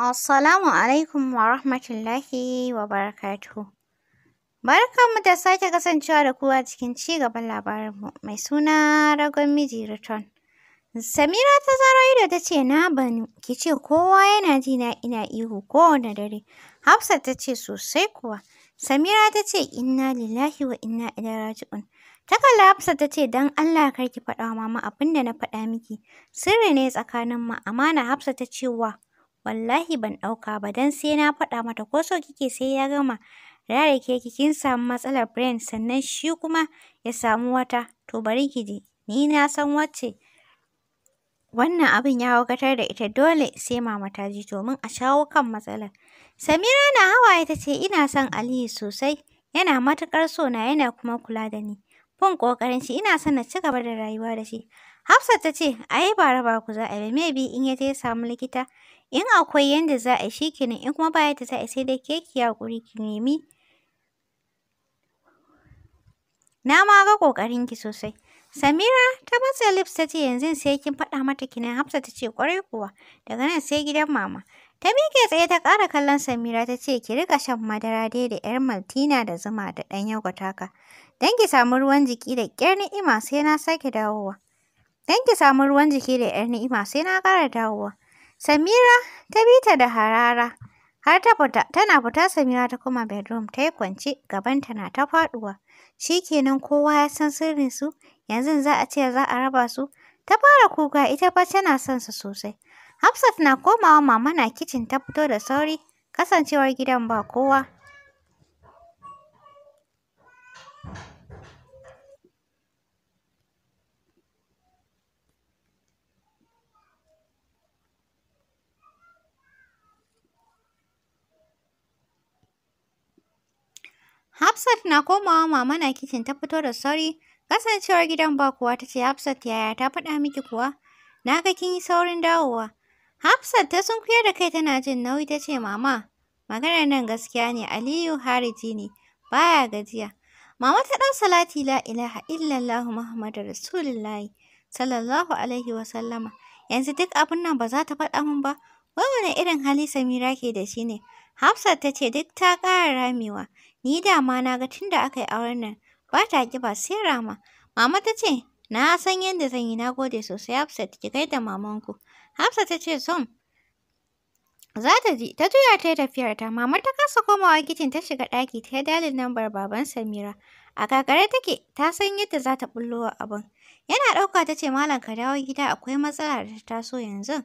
Assalamu alaikum wa rahmatullahi wa barakatuhu. mu da sake kasancewa da kuwa cikin ci gaban labarinmu mai suna Ragon Miji Return. Samira ta zaro ido ta ce na bani, ki ce kowa yana ji na ina ihu kowane dare. hafsa ta ce sosai kuwa. Samira ta ce inna lillahi wa inna ilaihi raji'un. Ta kalla Hafsat ta ce don Allah kar ki faɗa wa mama abin da na faɗa miki. Sirri ne tsakanin mu amana hafsa ta ce wa. Wallahi ban ɗauka ba don sai na faɗa mata ko so kike sai ya gama. Rare ke kin samu matsalar brain sannan shi kuma ya samu wata. To bari ki je ni na san wacce. Wannan abin ya haukatar da ita dole sai mama ta ji domin a shawo kan matsalar. Samira na hawaye ta ce ina son Aliyu sosai. Yana matuƙar sona yana kuma kula da ni. Bin ƙoƙarin shi ina son na ci gaba da rayuwa da shi. Hafsat ta ce, ai ba raba ku za a yi maybe in ya je ya samu likita in akwai yanda za a yi shi kenan in kuma ba yadda za a yi sai dai ke ki yi haƙuri ki nemi na ma ga ƙoƙarinki sosai Samira ta matse lips ta ce yanzu sai kin faɗa mata kinan Hafsa ta ce ƙwarai kuwa daga nan sai gidan mama. Ta miƙe tsaye ta ƙara kallon Samira ta ce ki riƙa shan madara dai da 'yar maltina da zuma da ɗan yogurt haka. Dan ki samu ruwan jiki da ƙyar ni'ima sai na sake dawowa. Dan ki samu ruwan jiki da ƴar ni'ima sai na ƙara dawowa. Samira ta bi ta da harara. Har ta fita, tana fita Samira ta koma bedroom ta yi kwance, gabanta na ta faɗuwa. Shi kenan kowa ya san sirrin su, yanzu za a ce za a raba su. Ta fara kuka ita fa tana son su sosai. Hafsat na komawa mama na kicin ta fito da sauri, kasancewar gidan ba kowa. Hafsat na komawa mama na kicin ta fito da sauri. Kasancewar gidan ba kuwa ta ce Hafsat yaya ta faɗa miki kuwa? Na ga kin yi saurin dawowa. Hafsat ta sunkuyar da kai tana jin nauyi ta ce mama maganar nan gaskiya ne Aliyu hariji ne baya gajiya. Mama ta ɗan salati la ilaha illallah Muhammadu Rasulullahi sallallahu alaihi wa sallama. Yanzu duk abin nan ba za ta faɗa min ba. Wai wani irin hali Samira ke da shi ne? Hafsat ta ce duk ta ƙara ramewa. Ni dama na ga tun da aka yi auren nan ba ta ƙiba sai rama. Mama ta ce, na san yadda zan yi na gode sosai Hafsat ki gaida mamanku. Hafsat ta ce son za ta ji ta juya ta yi tafiyarta. Mama ta kasa komawa kicin ta shiga ɗaki ta yi dalin lambar baban Samira. A kakare take ta san yadda za ta ɓullo abin. Yana ɗauka ta ce malam ka dawo gida akwai matsala da ta taso yanzu.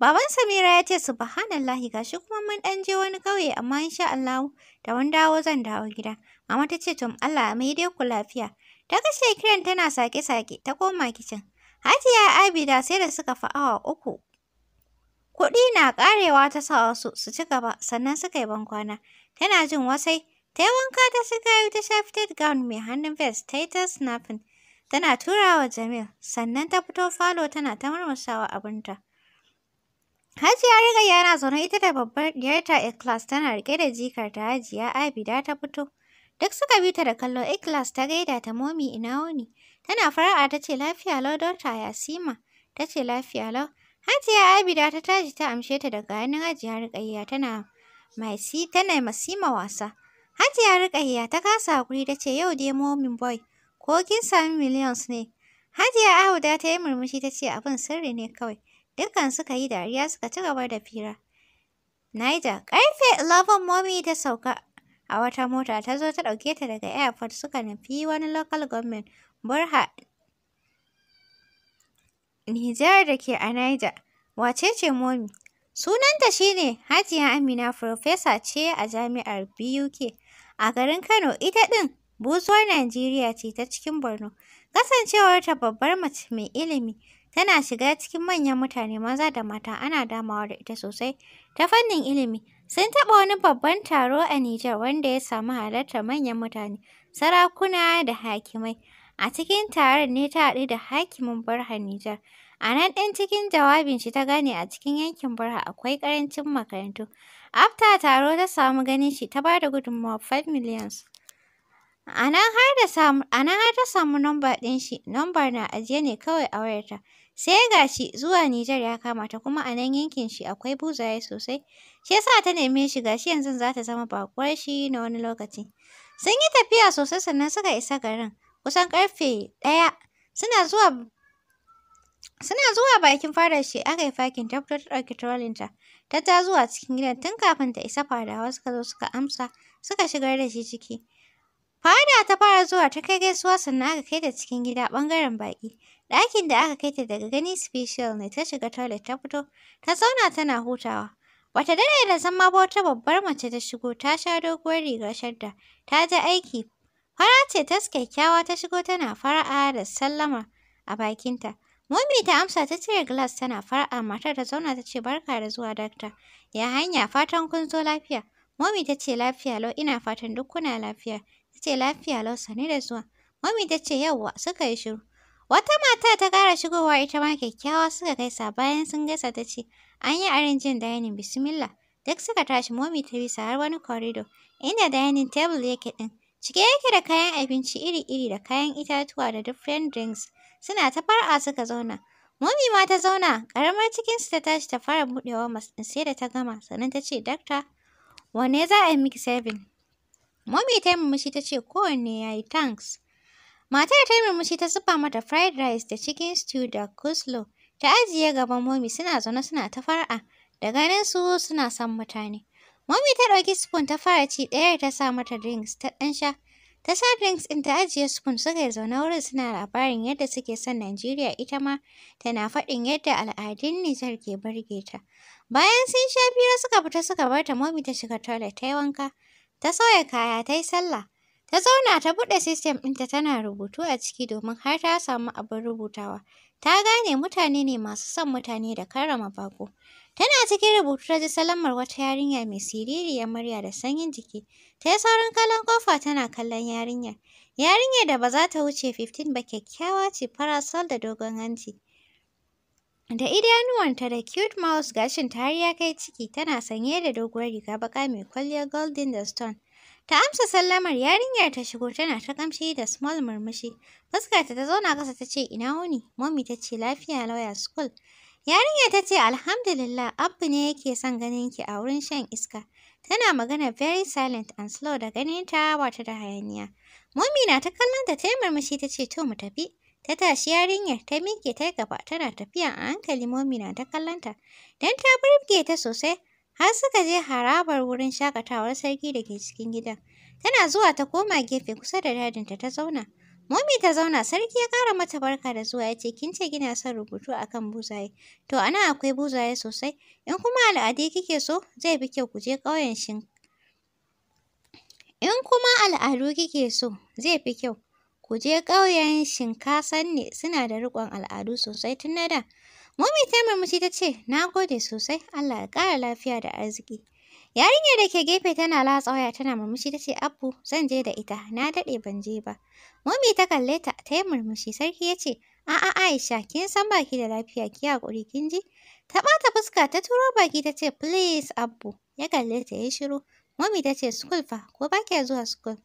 Baban Samira ya ce subhanallahi gashi kuma mun dan je wani kauye amma insha Allah da wani dawo zan dawo gida. Mama ta ce to Allah mai dai ku lafiya. Ta kashe kiran tana sake-sake ta koma kicin. Hajiya Abida sai da suka fi awa uku. Kuɗi na ƙarewa ta sa wasu su ci gaba sannan suka yi bankwana. Tana jin wasai ta yi wanka ta shiga ta sha gown mai hannun vest ta yi ta snapping. Tana turawa Jamil sannan ta fito falo tana ta murmushawa abinta. Hajiya Rigayya yana zaune ita da babbar diyarta Ikhlas tana rike da jikarta Hajiya Abida ta fito. Duk suka bi ta da kallo Ikhlas ta gaida ta momi ina wuni. Tana fara'a ta ce lafiya lau Dr. Yasima. Ta ce lafiya lau. Hajiya Abida ta tashi ta amshe ta daga hannun Hajiya Rigayya tana mai tana masima wasa. Hajiya Rigayya ta kasa hakuri ta ce yau dai momin boy ko kin sami millions ne. Hajiya Ahuda ta yi murmushi ta ce abin sirri ne kawai. Dukkan suka yi dariya suka ci gaba da fira. Naija, karfe 11 momi ta sauka a wata mota ta zo ta ɗauke ta daga airport suka nufi wani local government Burha Nijar da ke a Niger. Wace ce momi? Sunanta shine Hajiya Amina Professor ce a Jami'ar BUK a garin Kano ita ɗin buzuwar Najeriya ce ta cikin Borno. Kasancewarta babbar mace mai ilimi Tana shiga cikin manyan mutane maza da mata ana damawa da ita sosai. Ta fannin ilimi, sun taɓa wani babban taro a Nijar wanda ya samu halartar manyan mutane, sarakuna da hakimai. A cikin taron ne ta haɗu da hakimin Barha Nijar. A nan ɗin cikin jawabin shi ta gane a cikin yankin Barha akwai ƙarancin makarantu. Afta taro ta samu ganin shi ta ba da 5 millions. A nan har ta samu nomba ɗin shi, nombar na ajiye ne kawai a wayarta. Sai ga shi zuwa Nijar ya kama ta kuma a nan yankin shi akwai buzaye sosai. Shi yasa ta neme shi ga shi yanzu za ta zama bakuwar shi na wani lokaci. Sun yi tafiya sosai sannan suka isa garin kusan karfe ɗaya. Suna zuwa Suna zuwa bakin fadar shi aka yi fakin ta fito ta ɗauki ta. Ta ta zuwa cikin gidan tun kafin ta isa fadawa suka zo suka amsa suka shigar da shi ciki. Fada ta fara zuwa ta kai gaisuwa sannan aka kai ta cikin gida ɓangaren baƙi. Ɗakin da aka kai ta daga gani special ne ta shiga toilet ta fito, ta zauna tana hutawa. wata dare da zama ba wata babbar mace ta shigo ta sha doguwar rigar shadda, ta je aiki. Fara ce tas kyakkyawa ta shigo tana fara'a da sallama a bakinta. Mummy ta amsa ta cire glass tana fara'a matar ta zauna ta ce barka da zuwa dakta. Ya hanya fatan kun zo lafiya. Mummy ta ce lafiya lau ina fatan duk kuna lafiya. Ta ce lafiya lausa, sani da zuwa. Mami ta ce yawwa suka yi shiru. Wata mata ta ƙara shigowa ita ma kyakkyawa suka kai sa bayan sun gaisa ta ce an yi jin dainin bismillah. Duk suka tashi mami ta bisa har wani korido inda dainin tebul yake ɗin. Cike yake da kayan abinci iri-iri da kayan itatuwa da different drinks. Suna ta far'a suka zauna. Mami ma ta zauna, ƙaramar cikinsu ta tashi ta fara buɗewa masu sai da ta gama sannan ta ce dakta, wanne za a yi miki serving? Mommy ta yi murmushi ta ce kowanne ya yi thanks. Matar ta yi murmushi ta zuba mata fried rice da chicken stew da coleslaw. Ta ajiye gaban Mommy suna zaune suna ta far'a. Da ganin su suna son mutane. Mommy ta ɗauki spoon ta fara ci ɗaya ta sa mata drinks ta ɗan sha. Ta sa drinks ɗin ta ajiye spoon suka yi zaune wurin suna labarin yadda suke son Najeriya ita ma tana faɗin yadda al'adun Nijar ke burge ta. Bayan sun sha biyu suka fita suka bar ta Mommy ta shiga toilet ta yi wanka. Ta sauya kaya ta yi sallah. Ta zauna ta buɗe sistem ɗinta tana rubutu a ciki domin har ta samu abin rubutawa. Ta gane mutane ne masu son mutane da karrama bako Tana cikin rubutu ta ji salamar wata yarinya mai siririyar murya da sanyin jiki. Ta yi saurin kallon ƙofa tana kallon yarinyar. Yarinyar da ba za ta wuce 15 ba kyakkyawa ce farasol da dogon hanci. da idanuwanta da cute mouse ta har ya kai ciki tana sanye da doguwar riga baka mai kwalliyar golden da stone ta amsa sallamar yarinyar ta shigo tana ta kamshi da small murmushi fuskarta ta zauna kasa ta ce ina wuni mommy ta ce lafiya lawyer school yarinyar ta ce alhamdulillah abu ne yake son ganin ki a wurin shan iska tana magana very silent and slow da ganin ta wata da hayaniya mommy na ta kallon ta ta yi murmushi ta ce to mu tafi Ta tashi yarinyar ta miƙe ta gaba tana tafiya a hankali momi na ta kallonta don ta burge ta sosai har suka je harabar wurin shakatawar sarki da ke cikin gidan. Tana zuwa ta koma gefe kusa da dadinta ta zauna. Momi ta zauna sarki ya ƙara mata barka da zuwa ya ce kin ce kina son rubutu akan buzaye. To a nan akwai buzaye sosai. In kuma al'adu kike so zai bi kyau ku je shin. In kuma al'adu kike so zai fi kyau Kuje ƙauyen shinkasan ne suna da riƙon al'adu sosai tun na da. Mummy ta murmushi ta ce, na gode sosai, Allah ya ƙara lafiya da arziki. Yarinyar da ke gefe tana latsa waya tana murmushi ta ce, Abbu, zan je da ita, na daɗe ban je ba. Mummy ta kalle ta, ta yi murmushi, sarki ya ce, a'a Aisha, kin san baki da lafiya, ki haƙuri, kin ji? Ta ɓata fuska, ta turo baki ta ce, please Abbu. Ya kalle ta ya shiru. Mummy ta ce, school fa, ko ba zuwa school?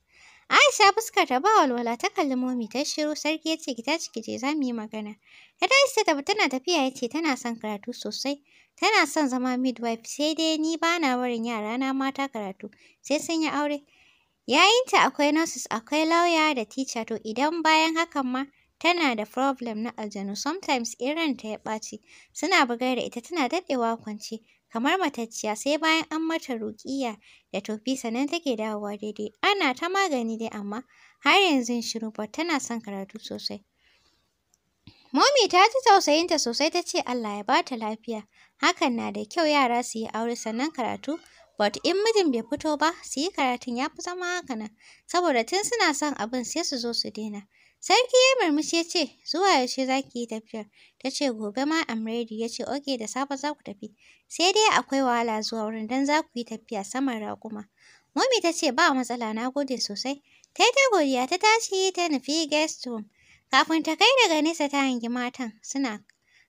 Aisha fuskar ta ba walwala ta kalli momi ta shiru sarki ya ce ki tashi ki je za mu yi magana. Ta tashi ta tana tafiya ya ce tana son karatu sosai. Tana son zama midwife sai dai ni ba na barin na mata karatu sai sun yi aure. Yayinta akwai nurses akwai lauya da teacher to idan bayan hakan ma tana da problem na aljanu sometimes irin ta ya ɓaci suna bugar da ita tana daɗewa kwance kamar matacciya sai bayan an mata ruƙiyya da tofi sannan take dawowa daidai. Ana ta magani dai amma har yanzu shiru ba tana son karatu sosai. Momi ta ji tausayinta sosai ta ce Allah ya ba ta lafiya. Hakan na da kyau yara su yi aure sannan karatu. But in mijin bai fito ba su yi karatun ya fi zama haka nan. Saboda tun suna son abin sai su zo su daina. Sarki ya murmushi ya ce, Zuwa yaushe za ki yi tafiyar? Ta ce, Gobe ma am ready. Ya ce, Oke, da safe za ku tafi. Sai dai akwai wahala zuwa wurin don za ku yi tafiya saman raƙuma. Momi ta ce, Ba matsala, na gode sosai. Ta yi ta godiya, ta tashi ta nufi guest room. Kafin ta kai daga nesa ta hangi matan suna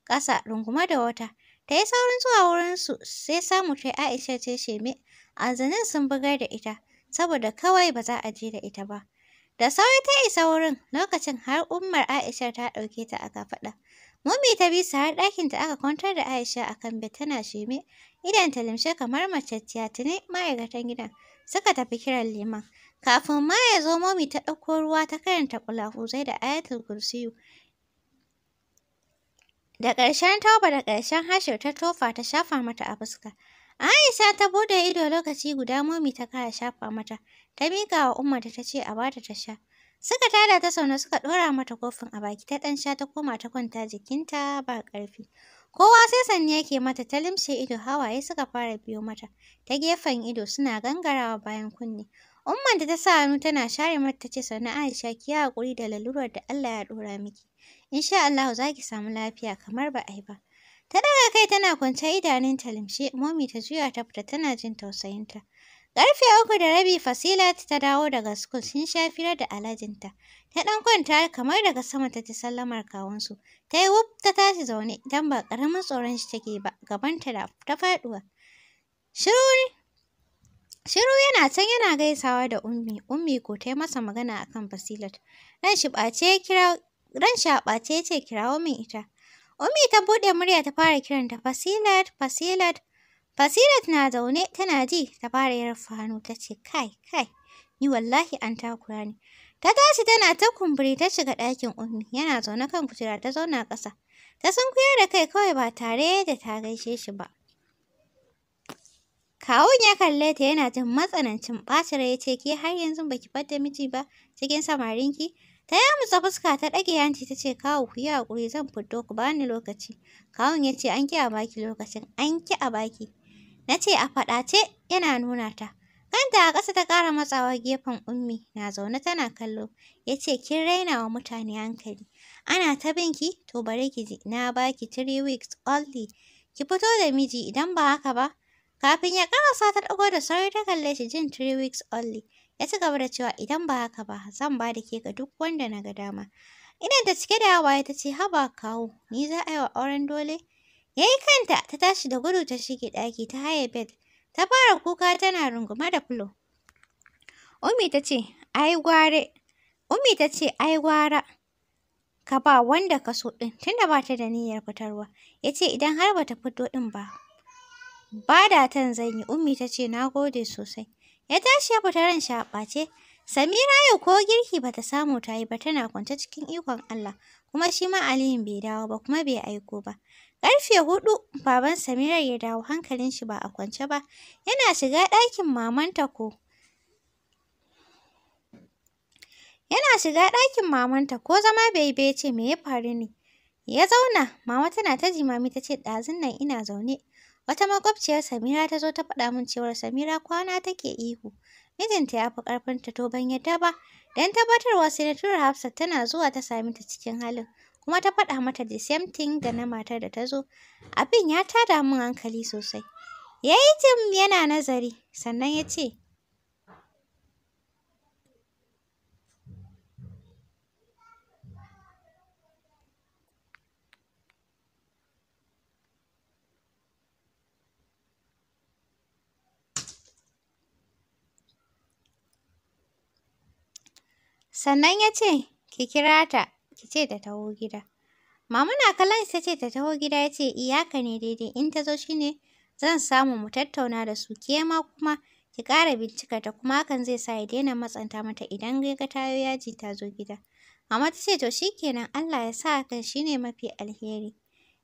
ƙasa runguma da wata. Ta yi saurin zuwa wurinsu sai samu ta Aisha ce sheme. Azanin sun bugar da ita, saboda kawai ba za a je da ita ba. Da sauri ta isa wurin lokacin har ummar Aisha ta ɗauke ta aka faɗa. Mummy ta bi su har ɗakinta aka kwantar da Aisha a kan bed tana Idan ta limshe kamar macacciya tuni ma'aikatan gidan suka tafi kiran liman. Kafin ma ya zo Mummy ta ɗauko ruwa ta karanta kulafuzai da ayatul kursiyu. Da ƙarshen tauba da ƙarshen hashir ta tofa ta shafa mata a fuska. Aisha ta bude ido lokaci guda Mummy ta kara shafa mata. Ta miƙa wa Umma ta ce a bata ta sha. Suka tada ta sauna suka ɗora mata kofin a baki ta ɗan sha ta koma ta kwanta jikinta ba ƙarfi. Kowa sai sanni yake mata ta limshe ido hawaye suka fara biyo mata. Ta gefen ido suna gangarawa bayan kunne. Umman da ta sa hannu tana share mata ta ce Aisha ki yi haƙuri da lalurar da Allah ya ɗora miki. Insha Allah za ki samu lafiya kamar ba a yi ba. Ta daga kai tana kwance idanunta limshe, momi ta juya ta fita tana jin tausayinta. Ƙarfe uku da rabi Fasilat ta dawo daga sukul sun sha fira da alajinta. Ta ɗan kwanta kamar daga sama ta ci sallamar kawunsu. Ta yi wuf ta tashi zaune don ba ƙaramin tsoron shi take ba, gabanta da ta faɗuwa. Shiru yana can yana gaisawa da Ummi, Ummi ko ta yi masa magana akan Fasilat. Ran shi ran shi a ɓace ya ce kirawo min ita. Ummi ta buɗe murya ta fara kiranta Fasilat, Fasilat. Basirat na zaune tana ji ta fara yarfa hannu ta ce kai kai ni wallahi an takura ni. Ta tashi tana ta kumburi ta shiga ɗakin ummi yana zaune kan kujera ta zauna ƙasa. Ta sunkuyar da kai kawai ba tare da ta gaishe shi ba. Kawun ya kalle ta yana jin matsanancin ɓacin rai ya ce ke har yanzu ba baki fadda miji ba cikin samarin ki? Ta musa fuska ta ɗage yanci ta ce kawo ku yi haƙuri zan fito ku bani lokaci. Kawun ya ce an ki a baki lokacin an ki a baki. Na ce a faɗace yana nuna ta. Kanta a ƙasa ta ƙara matsawa gefen ummi na zaune tana kallo. Ya ce kin raina wa mutane hankali. Ana ta binki to bari ki ji na baki three weeks only. Ki fito da miji idan ba haka ba. Kafin ya ƙarasa ta ɗago da sauri ta kalle shi jin three weeks only. Ya ci gaba da cewa idan ba haka ba zan ba da ke ga duk wanda na ga dama. Idan ta cike da hawaye ta ce haba kawo ni za a yi wa auren dole. Ya yi kanta ta tashi da gudu ta shige ɗaki ta haye bed. Ta fara kuka tana runguma da fulo. Umi ta ce, ai gware. Umi ta ce, ai gwara. Ka ba wanda ka so ɗin tunda ba ta da niyyar fitarwa. Ya ce idan har ba ta fito ɗin ba. Ba da tan zan yi. Umi ta ce, na gode sosai. Ya tashi ya fita ran shaɓace. Samira yau ko girki bata samu ta yi ba tana kwance cikin ikon Allah, kuma shi ma Aliyu bai dawo ba kuma bai aiko ba. Ƙarfe huɗu baban Samira ya dawo hankalin shi ba a kwance ba. Yana shiga ɗakin mamanta ko. Yana shiga ɗakin mamanta ko zama bai bai ce me ya faru ne. Ya zauna, mama tana ta jimami ta ce ɗazun nan ina zaune. Wata makwabciyar Samira ta zo ta faɗa min cewar Samira kwana take ihu. Mijinta ya fi ƙarfinta to ban yadda ba. Don tabbatarwa sai na tura Hafsat tana zuwa ta sami ta cikin halin. kuma ta faɗa mata the same thing da na matar da ta zo. Abin ya tada min hankali sosai. Ya yi jin yana nazari, sannan ya ce, Sannan ya ce, ki kira ta. ki ce ta taho gida. Mama na kallon ta ce ta taho gida ya ce iyaka ne daidai in ta zo shi ne zan samu mu tattauna da su ke ma kuma ki ƙara bincika ta kuma hakan zai sa ya daina matsanta mata idan ya ga tayo yaji ta zo gida. Mama ta ce to shi kenan Allah ya sa hakan ne mafi alheri.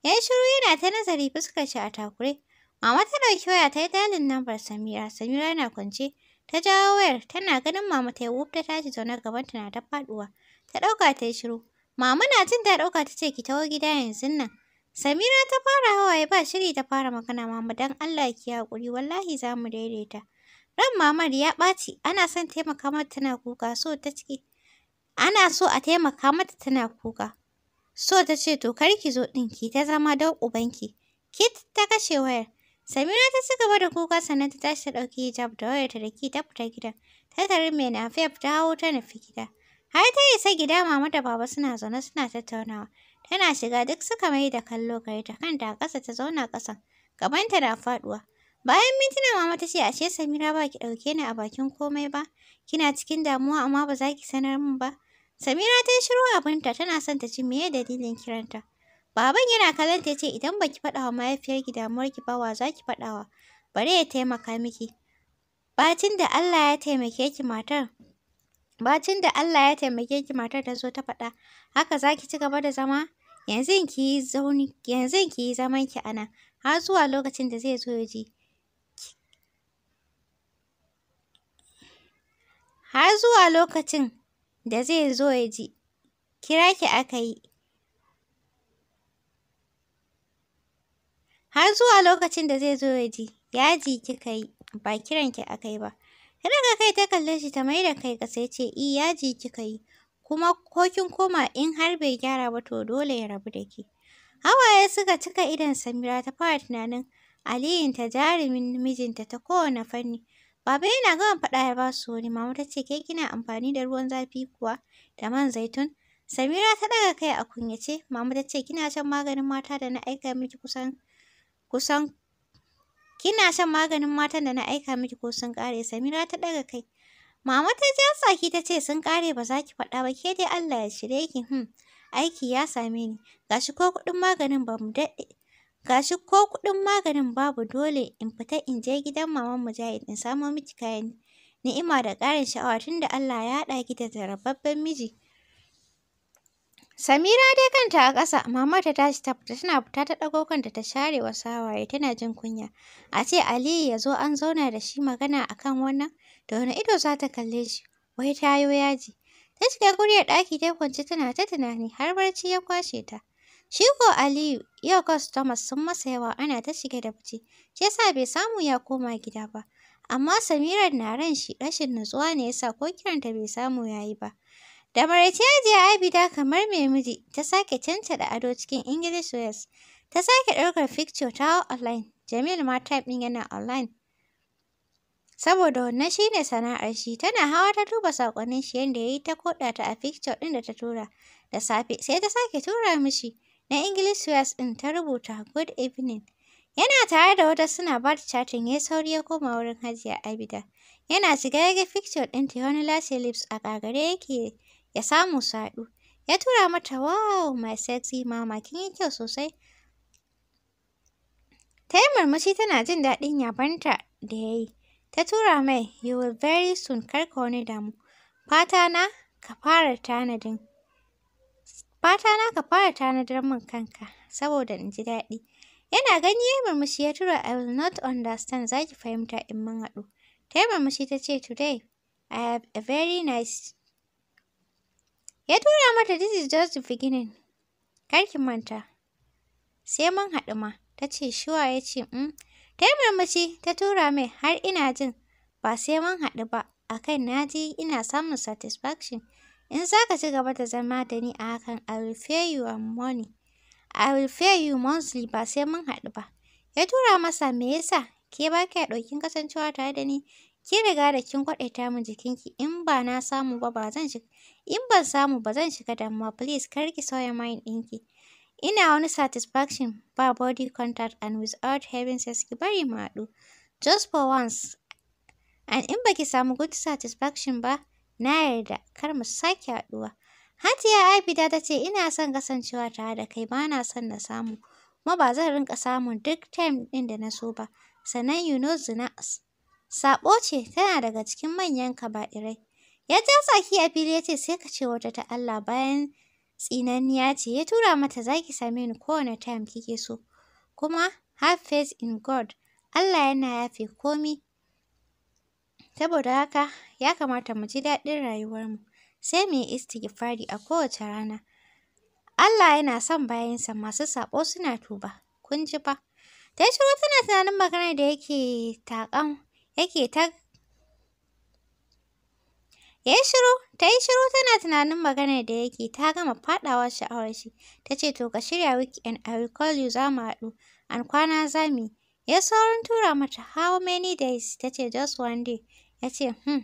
Ya yi shiru yana ta nazari fuskar shi a takure. Mama ta ɗauki waya ta yi dalin lambar Samira. Samira yana kwance. Ta jawo wayar tana ganin mama ta yi wuf ta tashi zaune gabanta na ta faɗuwa. Ta ɗauka ta yi shiru. Mama na jin ta ɗauka ta ce ki taho gida yanzu nan. Samira ta fara hawaye ba shiri ta fara magana mama dan Allah ki hakuri wallahi za mu daidaita. Ran mamar ya ɓaci ana son taimaka mata tana kuka so ta ce ana so a taimaka mata tana kuka. So ta ce to kar ki zo ɗin ki ta zama don ubanki. Kit ta kashe wayar. Samira ta ci gaba da kuka sannan ta tashi ta ɗauki hijab da wayarta da ki ta fita gidan. Ta tare mai nafiya ta hawo ta nufi gida. Har ta isa gida mama da baba suna zaune suna tattaunawa. Tana shiga duk suka mai da kallo gare ta kanta a ƙasa ta zauna ƙasan. Gabanta na faɗuwa. Bayan mintuna mama ta ce ashe Samira ba ki ɗauke ni a bakin komai ba. Kina cikin damuwa amma ba za ki sanar min ba. Samira ta shiru abinta tana son ta ji meye dalilin kiranta. Baban yana kallon ta ce idan baki ki faɗa wa mahaifiyarki damuwarki ba wa za ki faɗa wa. Bari ya taimaka miki. Bacin da Allah ya taimake ki matar, Bacin da Allah ya taimake ki matar ta zo ta faɗa, haka za ki ci gaba da zama? Yanzu ki yi zaman ki ana, har zuwa lokacin da zai zo ya ji. Har zuwa lokacin da zai zo ya ji, kira ki aka yi. Har zuwa lokacin da zai zo ya ji, yaji kika yi, ba kiran ki aka yi ba. Raga kai ta kalle shi ta maida kai ƙasa ya ce i yaji kika yi kuma ko kin koma in har bai gyara ba to dole ya rabu da ke. Hawaye suka cika idon Samira ta fara tunanin ta jarumin mijinta ta kowane fanni. Baba yana gama faɗa ya basu wani mama ta ce ke kina amfani da ruwan zafi kuwa da man zaitun. Samira ta ɗaga kai a kunyace mama ta ce kina shan maganin mata da na aika miki kusan kusan Kina shan maganin matan da na aika miki ko sun kare Samira ta daga kai. Mama ta ja saki ta ce sun kare ba za ki faɗa ba ke dai Allah ya shirye ki. Hmm. Aiki ya same ni. Gashi ko kuɗin maganin ba mu daɗe. Gashi ko kuɗin maganin babu dole in fita in je gidan maman Mujahid in samo miki kayan ni'ima da ƙarin sha'awa tunda Allah ya haɗa ki da jarababben miji. Samira dai kanta a ƙasa, mama ta tashi ta fita tana fita ta ɗago kanta ta share wasu hawaye tana jin kunya. A ce Aliyu ya zo an zauna da shi magana a kan wannan, da wani ido za ta kalle shi, wai tayo yaji. Ta shiga kuryar ɗaki ta kwanci tana ta tunani har barci ya kwashe ta. Shi ko Aliyu, yau customers sun masa yawa ana ta shige da fice, shi yasa bai samu ya koma gida ba. Amma Samira na ran shi rashin nutsuwa ne yasa ko kiranta bai samu ya yi ba. Da maraice Hajiya Abida kamar mai miji ta sake da ado cikin English Wales. Ta sake ɗaukar picture ta online. Jamil ma type ɗin yana online. Saboda wannan shi ne sana'ar shi, tana hawa ta duba saƙonnin shi yadda ya yi ta koɗa ta a picture ɗin da ta tura da safe. Sai ta sake tura mishi na English Wales ɗin ta rubuta good evening. Yana tare da wata suna bad chatting ya sauri ya koma wurin Hajiya Abida. Yana shiga ya ga picture ɗinta ya wani lashe lips a kagare yake ya samu saɗu. Ya tura mata wow my sexy mama kin yi kyau sosai. Ta yi murmushi tana jin daɗin yabanta da ya yi. Ta tura mai you will very soon kar ka wani damu. Fata na ka fara tanadin. Fata na ka fara tanadar min kanka saboda in ji daɗi. Yana gani ya murmushi ya tura I will not understand za ki fahimta in mun haɗu. Ta yi murmushi ta ce today I have a very nice Ya tura mata this is just the beginning. Kar ki manta. Sai mun haɗu ma. Ta ce shuwa ya ce mm. Ta yi murmushi ta tura mai har ina jin ba sai mun haɗu ba. Akan na ji ina samun satisfaction. In za ka ci gaba da zama da ni a hakan I will pay you money. I will pay you monthly ba sai mun haɗu ba. Ya tura masa me yasa ke ba ka ɗaukin kasancewa tare da ni Ki riga da kin kwaɗaita min jikinki in ba na samu ba ba zan shiga in ban samu ba zan shiga damuwa please kar ki sauya mind ɗinki. Ina wani satisfaction ba body contact and without having sex ki bari mu haɗu. Just for once. And in baki samu good satisfaction ba, na yarda kar mu sake haɗuwa. Hatiya Abida ta ce ina son kasancewa tare da kai ba na son na samu. Kuma ba zan rinka samun duk time ɗin da na so ba. Sannan you know zina Saɓo ce, tana daga cikin manyan kaba'irai. Ya ja tsaki a fili ya ce sai ka ce wata ta Allah bayan tsinanniya ce ya tura mata za ki same ni kowane time kike so. Kuma have faith in God. Allah yana yafe komi. Saboda haka ya kamata mu ji daɗin rayuwarmu. Sai mu yi istighfari a kowace rana. Allah yana son bayansa masu saɓo suna tuba. Kun ji ba? Ta yi shiru tana tunanin magana da yake taƙan yake ta Ya yi shiru, ta yi shiru tana tunanin maganar da yake, ta gama faɗawa sha'awar shi. Ta ce, to ka shirya wiki and I will call you za mu haɗu, an kwana za mu Ya saurin tura mata, how many days? Ta ce, just one day. Ya ce, hmm.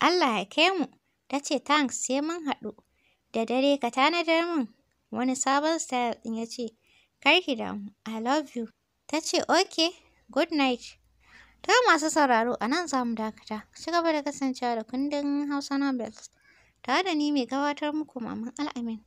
Allah ya kai mu. Ta ce, thanks, sai mun haɗu. Da dare ka tanadar min. Wani sabon style ya ce, kar ki damu, I love you. Ta ce, okay. Good night. Ta masu sauraro a nan samun dakata. Ci gaba da kasancewa da kundin Hausa na Tare da ni mai gabatar muku Maman Al'amin.